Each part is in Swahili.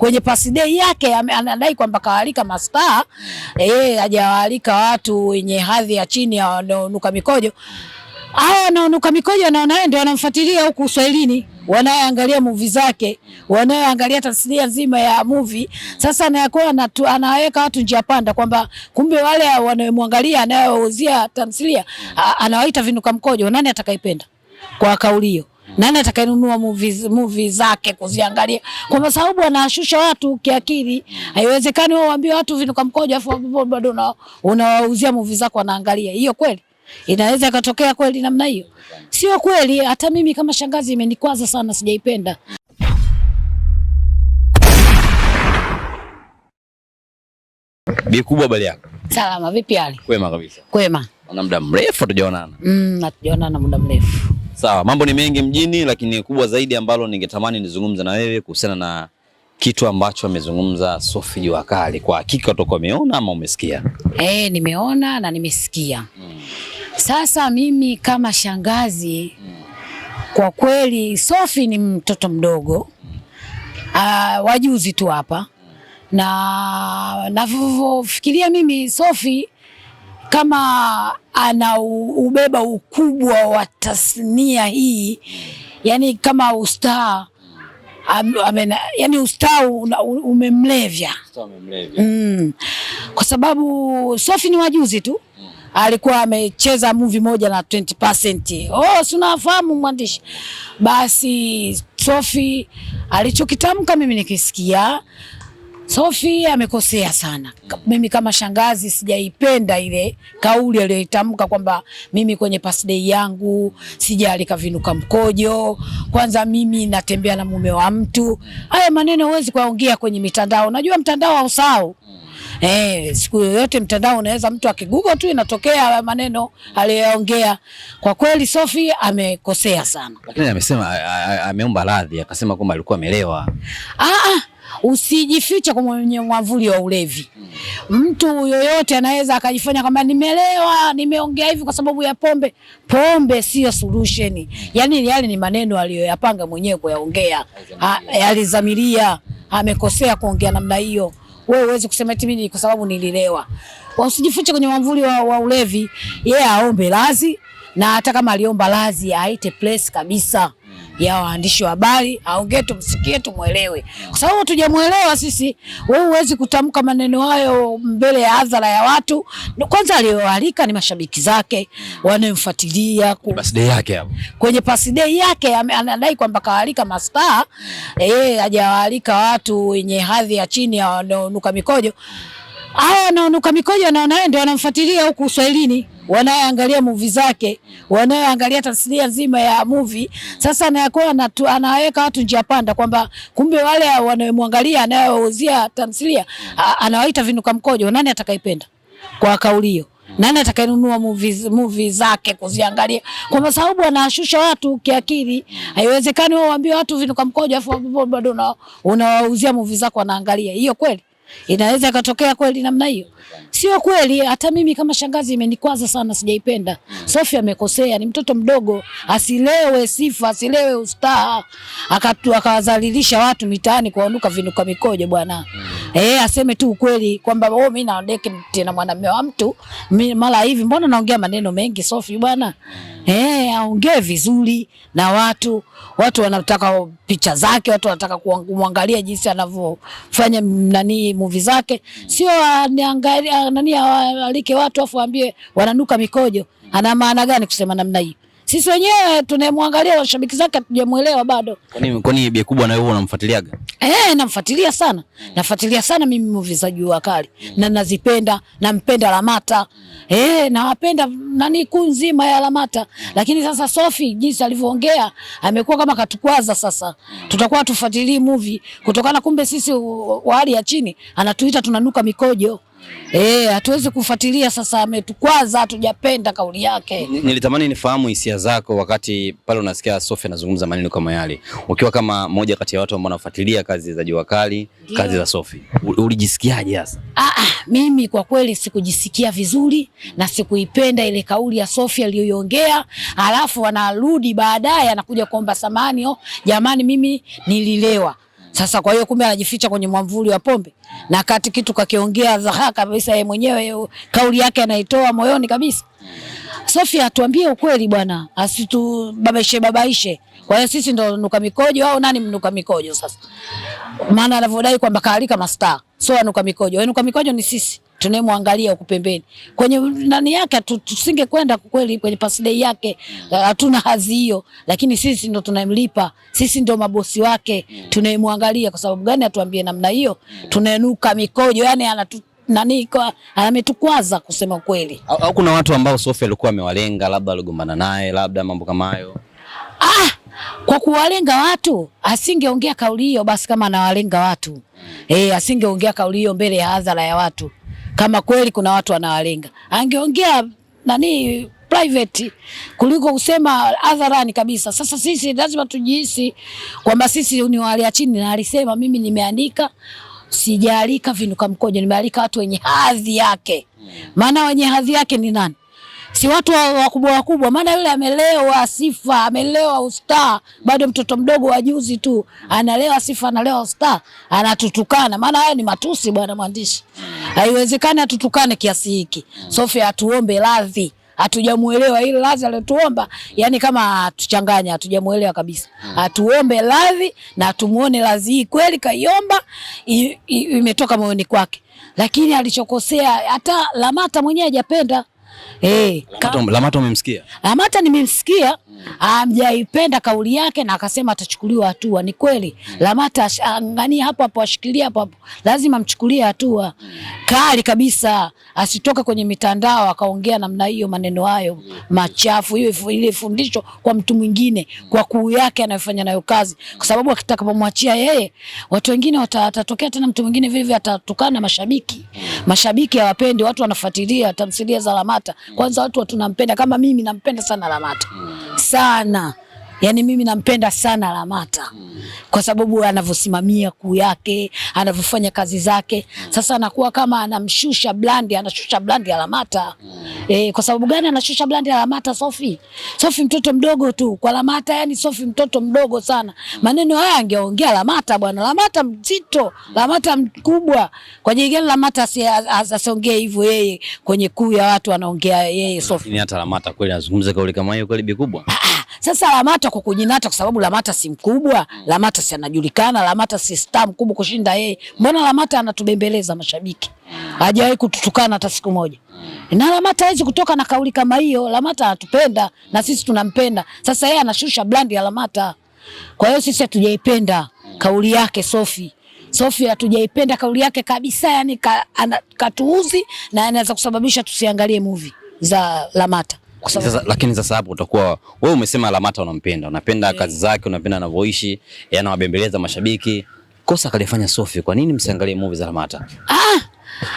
kwenye pasi dei yake anadai kwamba kawalika masta yeye eh, hajawaalika watu wenye hadhi ya chini ya wanaonuka mikojo. Hawa wanaonuka mikojo wanaona yeye ndio wanamfuatilia huku Uswahilini, wanayoangalia muvi zake, wanayoangalia tasnia nzima ya muvi. Sasa anayakuwa anaweka watu njia panda, kwamba kumbe wale wanayemwangalia anayewauzia tamthilia anawaita vinuka mkojo. Nani atakayependa kwa kauli hiyo? Nani atakayenunua movies movie zake kuziangalia? Kwa sababu anashusha watu kiakili. Haiwezekani wewe uambie watu kwa mkojo afu bado unawauzia movies zako wanaangalia. Hiyo kweli? Inaweza ikatokea kweli namna hiyo? Sio kweli. Hata mimi kama shangazi imenikwaza sana, sijaipenda. Bi kubwa, bali yako salama? Vipi hali? Kwema kabisa. Kwema. Ana muda mrefu hatujaonana. Mm, hatujaonana muda mrefu. Sawa, mambo ni mengi mjini, lakini kubwa zaidi ambalo ningetamani nizungumza na wewe kuhusiana na kitu ambacho amezungumza Sophie Jua Kali. Kwa hakika utakuwa umeona ama umesikia? Eh, nimeona na nimesikia. hmm. Sasa mimi kama shangazi hmm. Kwa kweli Sophie ni mtoto mdogo uh, wajuzi tu hapa, na navyofikiria mimi Sophie kama anaubeba ukubwa wa tasnia hii, yani kama ustaa amena, yani ustaa umemlevya mm. Kwa sababu Sofi ni wajuzi tu mm. alikuwa amecheza movie moja na 20%. Oh, si unafahamu mwandishi. Basi Sofi alichokitamka mimi nikisikia Sophie amekosea sana. Mimi kama shangazi sijaipenda ile kauli aliyoitamka kwamba mimi kwenye birthday yangu sijali kavinuka mkojo, kwanza mimi natembea na mume wa mtu. Haya maneno huwezi kuyaongea kwenye mitandao, najua mtandao hausahau. Eh, siku yoyote mtandao unaweza mtu akigugo tu inatokea maneno aliyoongea. Kwa kweli Sophie amekosea sana, lakini amesema ameomba radhi, akasema kwamba alikuwa amelewa. Ah ah usijifiche kwenye mwavuli wa ulevi. Mtu yoyote anaweza akajifanya kwamba nimelewa, nimeongea hivi kwa sababu ya pombe. Pombe siyo solution. yani yale ni maneno aliyoyapanga mwenyewe kuyaongea, alizamiria, amekosea kuongea namna hiyo. Wewe uweze kusema eti mimi kwa sababu nililewa. Usijifiche kwenye mwavuli wa, wa ulevi. Yeye yeah, aombe lazi na hata kama aliomba lazi aite place kabisa ya waandishi wa habari, aongee tumsikie, tumwelewe, kwa sababu tujamwelewa sisi, wewe huwezi kutamka maneno hayo mbele ya hadhara ya watu. Kwanza aliyoalika ni mashabiki zake wanayemfuatilia birthday yake hapo, kwenye birthday yake anadai kwamba kawaalika masta yeye hajawaalika watu wenye hadhi ya chini wanaonuka mikojo hawa wanaonuka mikojo wanaona yeye ndio wanamfuatilia huku Uswahilini, wanayoangalia muvi zake, wanayoangalia tasnia nzima ya muvi. Sasa anayakuwa anaweka watu njia panda, kwamba kumbe wale wanayemwangalia anayewauzia tamthilia anawaita vinuka mkojo. Nani atakaipenda kwa kauli hiyo? Nani atakayenunua movie movie zake kuziangalia? Kwa sababu anashusha watu kiakili. Haiwezekani wao waambie watu vinuka mkojo afu bado unawauzia movie zako wanaangalia. Hiyo kweli? Inaweza ikatokea kweli namna hiyo, sio kweli. Hata mimi kama shangazi imenikwaza sana, sijaipenda. Mm. Sofi amekosea, ni mtoto mdogo, asilewe sifa, asilewe ustaha, akawazalilisha watu mitaani kuwanuka vinuka mikojo bwana. Mm. Eh, aseme tu ukweli kwamba oh, mimi naondeke tena mwanamume wa mtu mara hivi, mbona naongea maneno mengi Sofi bwana? Mm. Eh, aongee vizuri na watu. Watu wanataka picha zake, watu wanataka kumwangalia jinsi anavyofanya nani movie zake, sio aniangalia nani, awalike watu afu waambie wananuka mikojo. Ana maana gani kusema namna hiyo? sisi wenyewe tunayemwangalia washabiki zake hatujamuelewa bado. Kwani bia kubwa na wewe unamfuatiliaga? Eh, namfuatilia sana, hmm. nafuatilia sana mimi movie za jua kali na nazipenda, nampenda Lamata eh, nawapenda nani kuu nzima ya Lamata, hmm. lakini sasa Sofi jinsi alivyoongea amekuwa kama katukwaza. Sasa hmm. tutakuwa tufuatilii movie kutokana, kumbe sisi wa hali ya chini anatuita tunanuka mikojo. Eh, hatuwezi kufuatilia sasa, ametukwaza, hatujapenda kauli yake. Nilitamani nifahamu hisia zako wakati pale unasikia Sofia anazungumza maneno kama yale, ukiwa kama moja kati ya watu ambao wanafuatilia kazi za Jua Kali, kazi za Sophie, ulijisikiaje sasa? Ah, ah, mimi kwa kweli sikujisikia vizuri na sikuipenda ile kauli ya Sofia aliyoiongea, alafu anarudi baadaye anakuja kuomba samani, oh, jamani mimi nililewa sasa kwa hiyo kumbe anajificha kwenye mwamvuli wa pombe, na kati kitu kakiongea dhaha kabisa, yeye mwenyewe kauli yake anaitoa moyoni kabisa. Sofia tuambie ukweli bwana, asitubabaishe babaishe. Kwa hiyo sisi ndo nuka mikojo au nani mnuka mikojo? Sasa maana anavyodai kwamba kaalika mastaa, so anuka mikojo, nuka mikojo ni sisi tunayemwangalia huku pembeni kwenye nani yake, tusingekwenda kweli kwenye pasidei yake, mm. hatuna hadhi hiyo, lakini sisi ndo tunamlipa, sisi ndo mabosi wake, mm. tunayemwangalia. Kwa sababu gani atuambie namna hiyo? Mm. Tunaenuka mikojo, yani anatu nani kwa ametukwaza kusema kweli. Au, au kuna watu ambao Sofia alikuwa amewalenga, labda aligombana naye, labda mambo kama hayo. Ah, kwa kuwalenga watu asingeongea kauli hiyo, basi kama anawalenga watu eh, asingeongea kauli hiyo mbele ya hadhara ya watu kama kweli kuna watu wanawalenga, angeongea nani private kuliko kusema hadharani kabisa. Sasa sisi lazima tujihisi kwamba sisi ni wale ya chini, na alisema mimi nimeandika sijaalika vinuka mkojo, nimealika watu wenye hadhi yake. Hmm. Maana wenye hadhi yake ni nani? si watu wakubwa wakubwa, maana yule amelewa sifa, amelewa ustaa, bado mtoto mdogo wa juzi tu analewa sifa, analewa ustaa, anatutukana. Maana haya ni matusi, bwana mwandishi, haiwezekani atutukane kiasi hiki. Sofia, atuombe radhi hatujamuelewa ile radhi aliyotuomba, yani kama atuchanganya, hatujamuelewa kabisa. Atuombe radhi na tumuone radhi hii kweli kaiomba, imetoka moyoni kwake, lakini alichokosea hata Lamata mwenyewe hajapenda. Eh, Lamata umemsikia? Lamata nimemsikia, amjaipenda kauli yake na akasema atachukuliwa hatua. Ni kweli mm. Lamata angania hapo hapo, ashikilie hapo hapo, lazima mchukulie hatua kali kabisa, asitoke kwenye mitandao akaongea namna hiyo, maneno hayo hmm. machafu, hiyo ile fundisho kwa mtu mwingine, hmm. kwa kuu yake anayofanya nayo kazi, hmm. kwa sababu akitakapomwachia yeye, watu wengine watatokea tena, mtu mwingine vile vile atatukana mashabiki. Mashabiki hawapendi, watu wanafuatilia tamthilia za Lamata Lamata. Kwanza watu tunampenda kama mimi nampenda sana Lamata. Mm. Sana. Yani mimi nampenda sana Lamata kwa sababu anavyosimamia kuu yake, anavyofanya kazi zake. Sasa anakuwa kama anamshusha blandi, anashusha blandi ya Lamata. Mm. E, eh, kwa sababu gani anashusha blandi ya Lamata? Sofi, Sofi mtoto mdogo tu kwa Lamata, yani Sofi mtoto mdogo sana. Mm. Maneno haya angeongea Lamata bwana, Lamata mzito, Lamata mkubwa. Kwa nini gani Lamata asiongee hivyo yeye kwenye kuu ya watu anaongea yeye Sofi? Ni hata Lamata kweli anazungumza kauli kama hiyo kweli bikubwa. Ah, ah. Sasa Lamata hata kujinata kwa sababu Lamata si mkubwa, mm. Lamata si anajulikana, Lamata si star mkubwa kushinda yeye. Mbona Lamata anatubembeleza mashabiki? Mm. Hajawahi kututukana hata siku moja. Mm. Na Lamata hawezi kutoka na kauli kama hiyo. Lamata anatupenda na sisi tunampenda. Sasa yeye anashusha brand ya Lamata. Kwa hiyo sisi hatujaipenda kauli yake Sofi. Sofi hatujaipenda kauli yake kabisa, yani ka, ana, katuuzi na anaweza kusababisha tusiangalie movie za Lamata lakini sasa hapo utakuwa wewe umesema Lamata unampenda, unapenda yeah, kazi zake, unapenda anavyoishi, anawabembeleza mashabiki. Kosa kalifanya Sophie, kwa nini msiangalie movie za Lamata? Ah,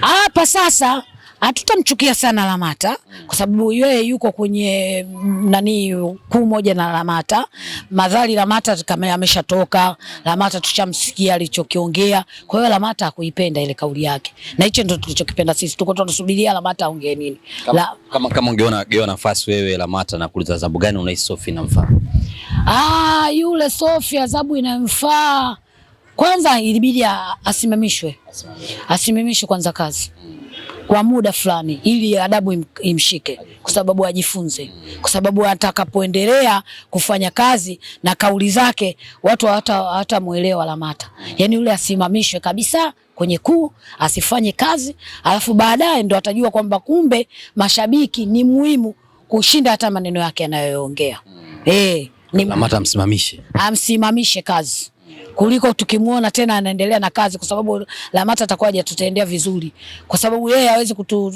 hapa sasa Hatutamchukia sana Lamata mm. kwa sababu yeye yuko kwenye mm, nani kuu moja na Lamata. Madhali Lamata kama ameshatoka, Lamata tushamsikia alichokiongea. Kwa hiyo Lamata hakuipenda ile kauli yake. Na hicho ndio tulichokipenda sisi. Tuko tunasubiria Lamata aongee nini. Kama, La, kama kama ungeona geona nafasi wewe Lamata na kuuliza adhabu gani unahisi Sophie inamfaa? Ah, yule Sophie adhabu inamfaa. Kwanza ilibidi asimamishwe. Asimamishwe kwanza kazi. Hmm kwa muda fulani, ili adabu im, imshike, kwa sababu ajifunze, kwa sababu atakapoendelea kufanya kazi na kauli zake watu hawatamwelewa Lamata. Yani yule asimamishwe kabisa kwenye kuu asifanye kazi, alafu baadaye ndo atajua kwamba kumbe mashabiki ni muhimu kushinda hata maneno yake anayoongea. Hmm. Eh, hey, ni Lamata amsimamishe, amsimamishe kazi kuliko tukimuona tena anaendelea na kazi, kwa sababu Lamata atakuwa hajatutendea vizuri, kwa sababu yeye hawezi kutu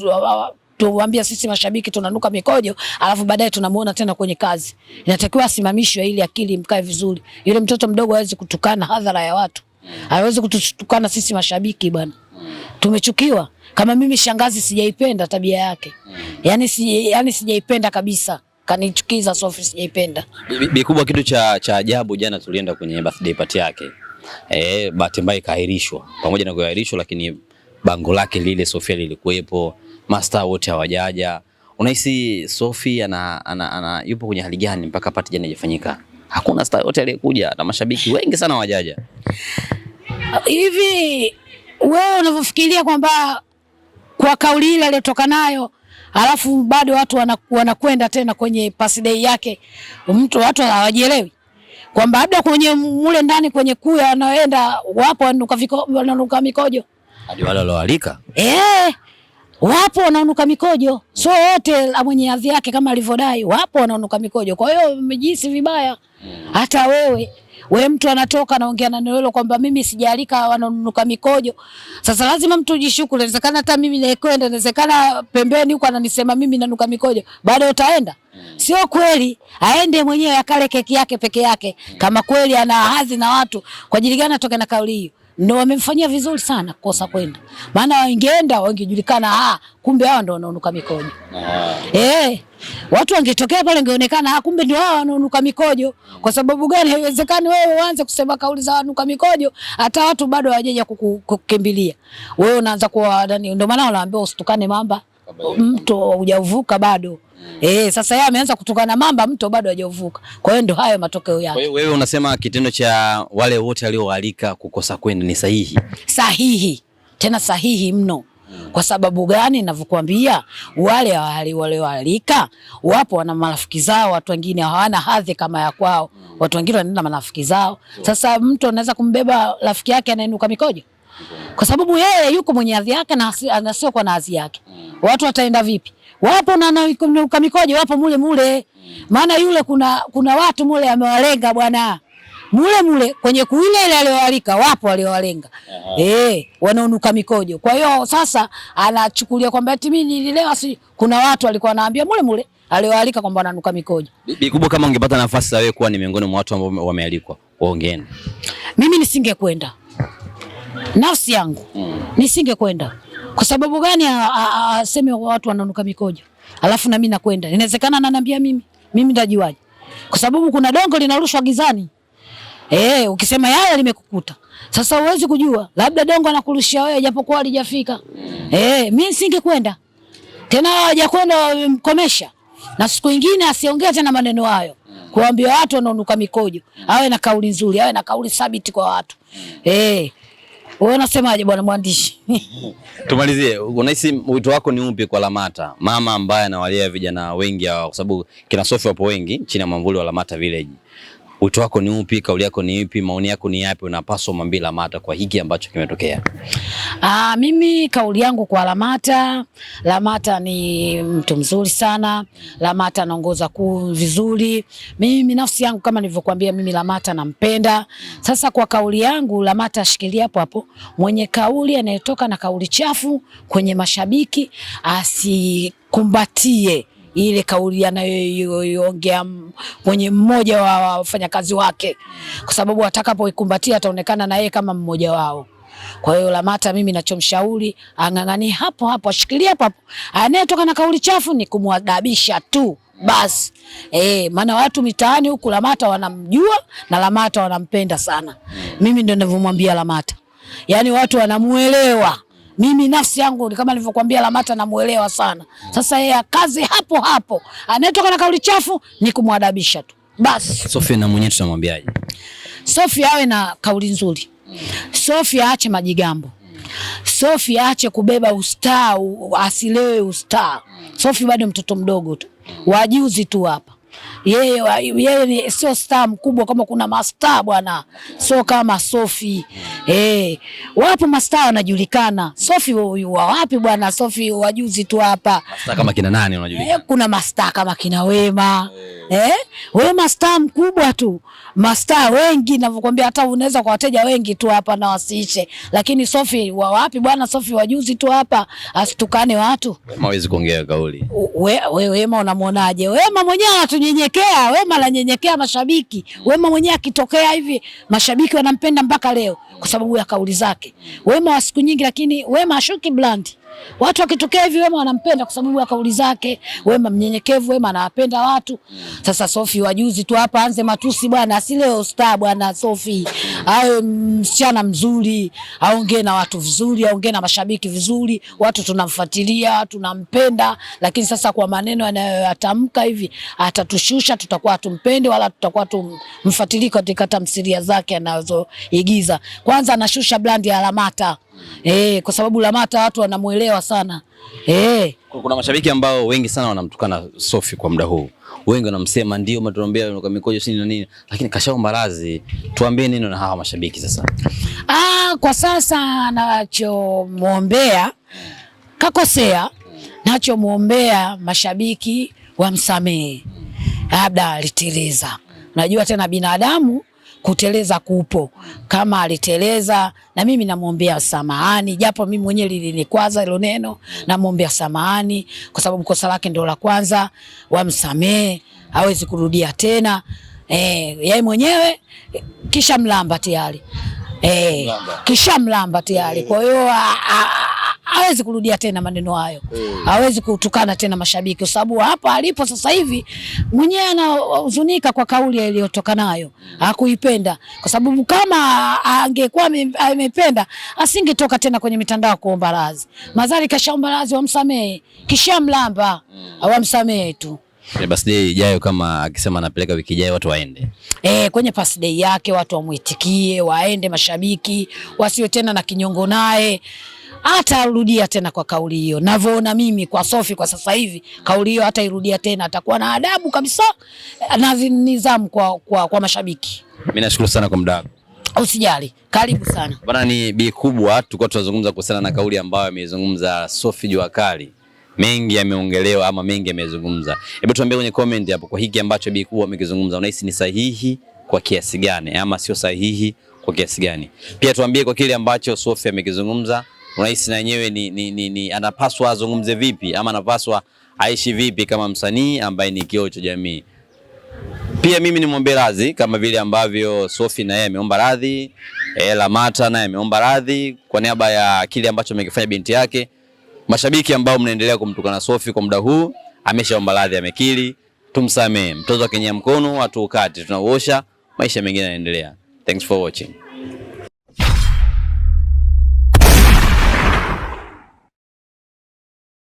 tuambia sisi mashabiki tunanuka mikojo, alafu baadaye tunamuona tena kwenye kazi. Inatakiwa asimamishwe ili akili imkae vizuri. Yule mtoto mdogo hawezi kutukana hadhara ya watu, hawezi kututukana sisi mashabiki bwana. Tumechukiwa. Kama mimi shangazi, sijaipenda tabia yake, yani si, yani sijaipenda kabisa kanichukiza, so sijaipenda. Bi kitu cha cha ajabu, jana tulienda kwenye birthday party yake eh, bahati mbaya ikaahirishwa. Pamoja na kuahirishwa, lakini bango lake lile Sofia lilikuwepo, master wote hawajaja. Unahisi Sofia ana, ana, ana yupo kwenye hali gani mpaka party jana ijafanyika Hakuna star yote aliyekuja na mashabiki wengi sana wajaja Hivi wewe unavyofikiria kwamba kwa kauli ile aliyotoka nayo alafu bado watu wanakwenda tena kwenye pasidei yake, mtu watu hawajielewi kwamba labda kwenye mule ndani kwenye kuya anaenda wapo wananuka mikojo hadi wale walioalika eh, wapo wanaunuka mikojo, so wote mwenye hadhi yake kama alivyodai, wapo wanaunuka mikojo. Kwa hiyo mjisi vibaya, mm. hata wewe We mtu anatoka anaongea na neno hilo kwamba mimi sijaalika wananunuka mikojo. Sasa lazima mtu ujishukuru. Inawezekana hata mimi naekwenda inawezekana pembeni huko ananisema mimi nanuka mikojo. Bado utaenda? Sio kweli. Aende mwenyewe akale keki yake peke yake. Kama kweli ana hadhi na watu, kwa ajili gani atoke na kauli hiyo? ndio wamemfanyia vizuri sana kosa kwenda, maana wangeenda wangejulikana, ah, kumbe hawa ndio wanaonuka mikojo ah. Eh, watu wangetokea pale wangeonekana, ah, kumbe ndio hawa wanaonuka mikojo. Kwa sababu gani? Haiwezekani wewe uanze kusema kauli za wanuka mikojo, hata watu bado hawajaja kukukimbilia wewe, unaanza kuwa nani? Ndio maana wanaambiwa usitukane mamba, mto hujavuka bado. Mm. Eh, sasa yeye ameanza kutokana mamba, mto bado hajavuka. Kwa hiyo ndio hayo matokeo yake. Kwa Wewe unasema kitendo cha wale wote walioalika kukosa kwenda ni sahihi? Sahihi tena sahihi mno. Mm. Kwa sababu gani? ninavyokuambia wale wale walioalika wapo, wana marafiki zao, watu wengine hawana hadhi kama ya kwao, mm. watu wengine wanaenda marafiki zao. Sasa mtu anaweza kumbeba rafiki yake anainuka mikojo, kwa sababu yeye yuko mwenye hadhi yake na anasio kwa na hadhi yake, watu wataenda vipi? wapo na ukamikoje wapo mule mule, maana yule kuna, kuna watu mule amewalenga bwana mule mule kwenye kuile ile aliyoalika wapo aliyowalenga eh, wanaonuka mikojo. Kwa hiyo sasa anachukulia kwamba eti mimi nililewa, si kuna watu walikuwa wanaambia mule mule aliyoalika kwamba ananuka mikojo. Bibi Kubwa, kama ungepata nafasi wewe kuwa ni miongoni mwa watu ambao wamealikwa, waongeeni, mimi nisingekwenda, nafsi yangu hmm, nisingekwenda kwa sababu gani aseme watu wananuka mikojo alafu na mimi nakwenda? Inawezekana ananiambia mimi, mimi ndajuaje? Kwa sababu kuna dongo linarushwa gizani. Eh, ukisema yaya limekukuta. Sasa huwezi kujua, labda dongo anakurushia wewe japokuwa alijafika. Eh, mimi singekwenda tena, hajakwenda mkomesha na siku nyingine asiongee tena maneno hayo, kuambia watu wanaonuka mikojo. Awe na kauli nzuri, awe na kauli thabiti kwa watu eh. Wewe unasemaje bwana mwandishi? Tumalizie, unahisi wito wako ni upi kwa Lamata, mama ambaye anawalea vijana wengi hawa, kwa sababu kina Sofi wapo wengi chini ya mwamvuli wa Lamata Village wito wako ni upi? Kauli yako ni ipi? Maoni yako ni yapi? Unapaswa mwambie Lamata kwa hiki ambacho kimetokea. Ah, mimi kauli yangu kwa Lamata, Lamata ni mtu mzuri sana. Lamata anaongoza kuu vizuri. Mimi nafsi yangu kama nilivyokuambia, mimi Lamata nampenda. Sasa kwa kauli yangu Lamata ashikilie hapo hapo, mwenye kauli anayetoka na kauli chafu kwenye mashabiki asi kumbatie ile kauli anayoiongea mwenye mmoja wa wafanyakazi wake, kwa sababu atakapoikumbatia ataonekana na yeye kama mmoja wao. Kwa hiyo Lamata, mimi nachomshauri ang'ang'anie hapo hapo, ashikilie hapo hapo. Anayetoka na kauli chafu ni kumwadabisha tu basi eh, maana watu mitaani huku Lamata wanamjua na Lamata wanampenda sana. Mimi ndio ninavyomwambia Lamata, yaani watu wanamuelewa mimi nafsi yangu kama nilivyokuambia, Lamata namuelewa sana. Sasa yeye kazi hapo hapo, anayetoka na kauli chafu ni kumwadabisha tu Bas. Sofia na mwenyewe tutamwambiaje? Sofia awe na kauli nzuri. Sofia aache majigambo. Sofia aache kubeba ustaa, asilewe ustaa. Sofia bado mtoto mdogo tu, wajuzi tu hapa yeye, yeye ni sio star mkubwa kama kuna mastaa bwana, sio kama Sofi eh. Wapo mastaa wanajulikana, Sofi huyu wa wapi bwana? Sofi wajuzi tu hapa. Mastaa kama kina nani unajulikana? Eh, kuna mastaa kama kina Wema eh, Wema star mkubwa tu, mastaa wengi ninavyokuambia, hata unaweza kwa wateja wengi tu hapa na wasiishe, lakini Sofi wa wapi bwana? Sofi wajuzi tu hapa, asitukane watu. Wema hawezi kuongea kauli. Wewe Wema unamwonaje? Wema mwenyewe anatunyenya nyenyekea, Wema ananyenyekea mashabiki. Wema mwenyewe akitokea hivi mashabiki wanampenda mpaka leo kwa sababu ya kauli zake. Wema wa siku nyingi, lakini Wema ashuki blandi Watu wakitokea hivi Wema wanampenda kwa sababu ya kauli zake. Wema mnyenyekevu, Wema anawapenda watu. Sasa Sofi wajuzi tu hapa anze matusi bwana, si leo star bwana Sofi. Awe msichana mzuri, aongee na watu vizuri, aongee na mashabiki vizuri. Watu tunamfuatilia, tunampenda, lakini sasa kwa maneno anayoyatamka hivi atatushusha, tutakuwa tumpende wala tutakuwa tumfuatilie katika tamthilia zake anazoigiza. Kwanza anashusha brand ya Lamata eh, kwa sababu Lamata watu wanamuelewa sana eh. Kuna mashabiki ambao wengi sana wanamtukana Sofi kwa muda huu, wengi wanamsema ndio matuambia kwa mikojo sini na nini, lakini kashaomba radhi. Tuambie nini na hawa mashabiki sasa? Ah, kwa sasa nachomwombea kakosea, nachomwombea mashabiki wamsamehe, labda alitiliza. Najua tena binadamu kuteleza kupo. Kama aliteleza, na mimi namwombea samahani, japo mimi mwenyewe lilinikwaza hilo neno, namwombea samahani kwa sababu kosa lake ndio la kwanza, wamsamee, hawezi kurudia tena. Eh, yeye mwenyewe kisha mlamba tayari. Eh, kisha mlamba tayari. Kwa hiyo hawezi kurudia tena maneno hayo mm. hawezi kutukana tena mashabiki, kwa sababu hapa alipo sasa hivi mwenyewe anahuzunika kwa kauli iliyotoka nayo, hakuipenda kwa sababu kama angekuwa amependa asingetoka tena kwenye mitandao kuomba radhi. Mazari kashaomba radhi, wamsamehe, kishamlamba, mm. wamsamehe tu. Kwenye birthday ijayo kama akisema anapeleka wiki ijayo watu waende. e, kwenye birthday yake watu wamuitikie, waende mashabiki, wasiwe tena na kinyongo naye. Hata arudia tena kwa kauli hiyo. Navyoona mimi kwa Sofi kwa sasa hivi, kauli hiyo hata irudia tena atakuwa na adabu kabisa na nidhamu kwa, kwa, kwa mashabiki. Mimi nashukuru sana kwa muda wako. Usijali, karibu sana. Bana, ni bi kubwa, tulikuwa tunazungumza kuhusiana na kauli ambayo ameizungumza Sofi Jua mengi yameongelewa ama mengi yamezungumza. Hebu tuambie kwenye comment hapo, kwa hiki ambacho Bi Kubwa amekizungumza, unahisi ni sahihi kwa kiasi gani ama sio sahihi kwa kiasi gani? Pia tuambie kwa kile ambacho Sophie amekizungumza, unahisi na yenyewe ni, ni, ni, ni anapaswa azungumze vipi ama anapaswa aishi vipi kama msanii ambaye ni kioo cha jamii. Pia mimi nimwombe radhi kama vile ambavyo Sophie yeye ameomba radhi, eh, Lamata naye ameomba radhi kwa niaba ya kile ambacho amekifanya binti yake. Mashabiki ambao mnaendelea kumtukana Sofi kwa muda huu, ameshaomba radhi, amekiri, tumsamee. Mtoto akenyea mkono hatuukati, tunauosha. Maisha mengine yanaendelea. Thanks for watching.